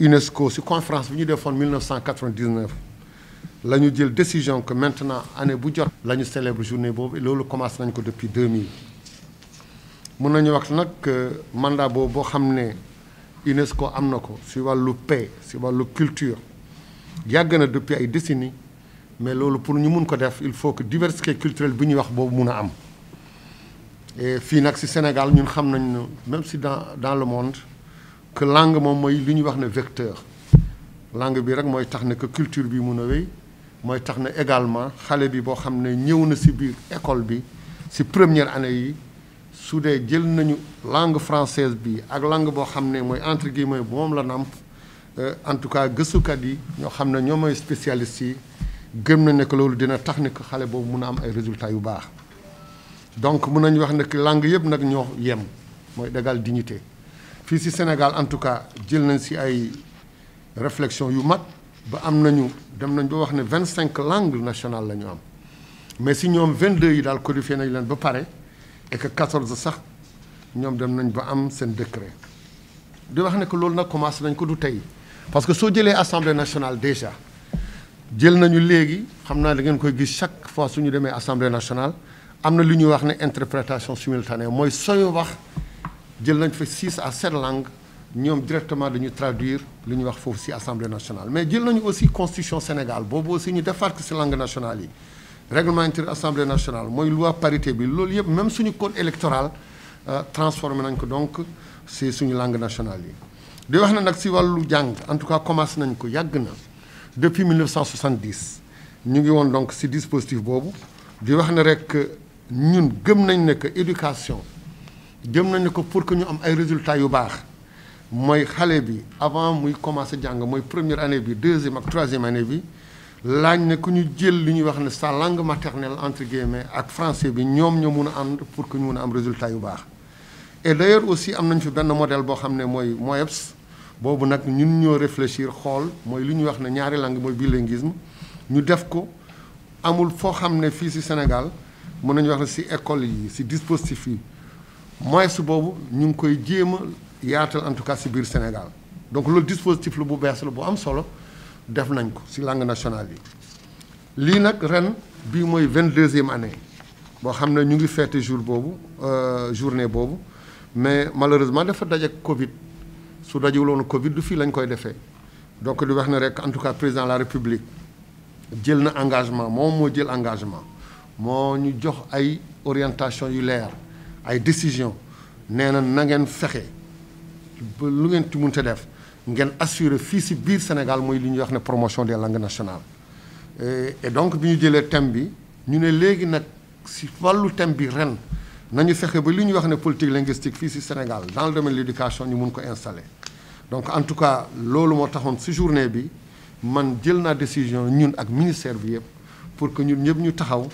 UNESCO si conférence bi ñu en 1999 la ñu jël décision que maintenant année bu la célèbre journée boobu et commencé nañ depuis 2000 mun nañu que le mandat de l'UNESCO est UNESCO à paix de la culture y a depuis des décennies mais pour nous il faut que diversité culturelle soit ñuy wax boobu et Sénégal nous xam même si dans dans le monde que langue moom mooy li ñu wax ne vecteur langue bi rek moy tax ne que culture bi mun a wéy moy tax ne également xalé bi bo xamné ne ñëw na ci biir école bi ci première année yi su dee jël nañu langue française bi ak langue bo xamné ne mooy entre guillemets moom la namp euh, en tout cas kat yi ño xamné ño moy spécialiste. yi gëm na ne que dina tax ne que xalé boobu mun a am ay résultats yu baax donc mun nañu wax ne que langue yëpp nag ño yem moy dagal dignité fii si Sénégal en tout cas jël nañ si ay réflexion yu mat ba am nañu dem nañ ba wax ne 25 langues nationales la ñu am mais si ñoom 22 yi daal codifié nañ leen ba pare et que 14 sax ñoom dem nañ ba am seen décret di wax ne que loolu nag commencé nañ ko du tey parce que soo jëlee assemblée nationale déjà jël nañu léegi xam naa da ngeen koy gis chaque fois suñu demee assemblée nationale am na lu ñuy wax ne interprétation simultanée mooy sooy wax jël nañ fa 6 à 7 langues ñoom directement dañu traduire lu wax foofu ci assemblée nationale mais jël nañu aussi constitution Sénégal boobu aussi ñu defaat ko ci langue nationale yi règlement intérieur assemblée nationale mooy loi parité bi loolu yëpp même suñu code électoral euh, transformé nañ ko donc ci suñu langue nationale yi di wax na nag si wàllu jàng en tout cas commencé nañ ko yàgg na depuis 1970 ñu ngi woon donc ci dispositif boobu di wax na rek ñun gëm nañ ne que éducation jëm nañu ko pour que ñu am ay résultats yu avant muy commencé jàng première année bi deuxième ak troisième année bi laaj na ku ñu jël sa langue maternelle entre guillemets ak français bi pour que nous mun a am résultat et d'ailleurs aussi am nañ fi modèle boo réfléchir xool mooy li ñuy wax ñaari langue bilinguisme ñu def ko amul Sénégal nañu wax ci école dispositif moyens bobu ñu ngi koy jéem a yaatal en tout cas si biir Sénégal donc loolu dispositif la bu bees la bu am solo def nañ ko si langue nationale yi. lii nag ren bii mooy vingt-deuxième année boo xam ne ñu ngi feete jour boobu euh, journée boobu mais malheureusement dafa daje Covid su dajewuloon Covid du fii lañ koy defee donc di wax ne rek en tout cas président de la République jël na engagement moom moo jël engagement moo ñu jox ay orientation yu leer ay décision nee na na ngeen fexe ba lu ngeen ci def ngeen assurer fii si biir Sénégal mooy li ñuy wax ne promotion des langues nationales. et donc bi ñu jëlee thème bi ñu ne léegi nag si wàllu thème bi ren nañu fexe ba li ñuy wax ne politique linguistique fii si Sénégal dans le domaine de l'éducation ñu mun ko installer. donc en tout cas loolu moo taxoon si journée bi man jël naa décision ñun ak ministère bi yëpp pour que ñun ñëpp ñu taxaw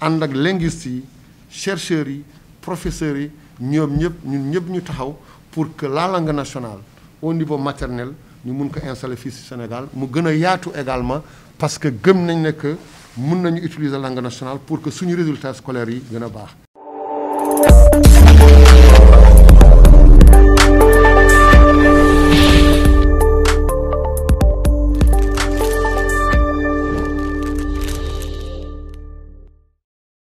ànd ak linguistes yi chercheurs yi professeurs nous ñoom tous ñun pour que la langue nationale au niveau maternel ñu mun ko installer fii au Sénégal mu gën également parce que nous nañ ne que nous utiliser la langue nationale pour que suñu résultats scolaires yi gën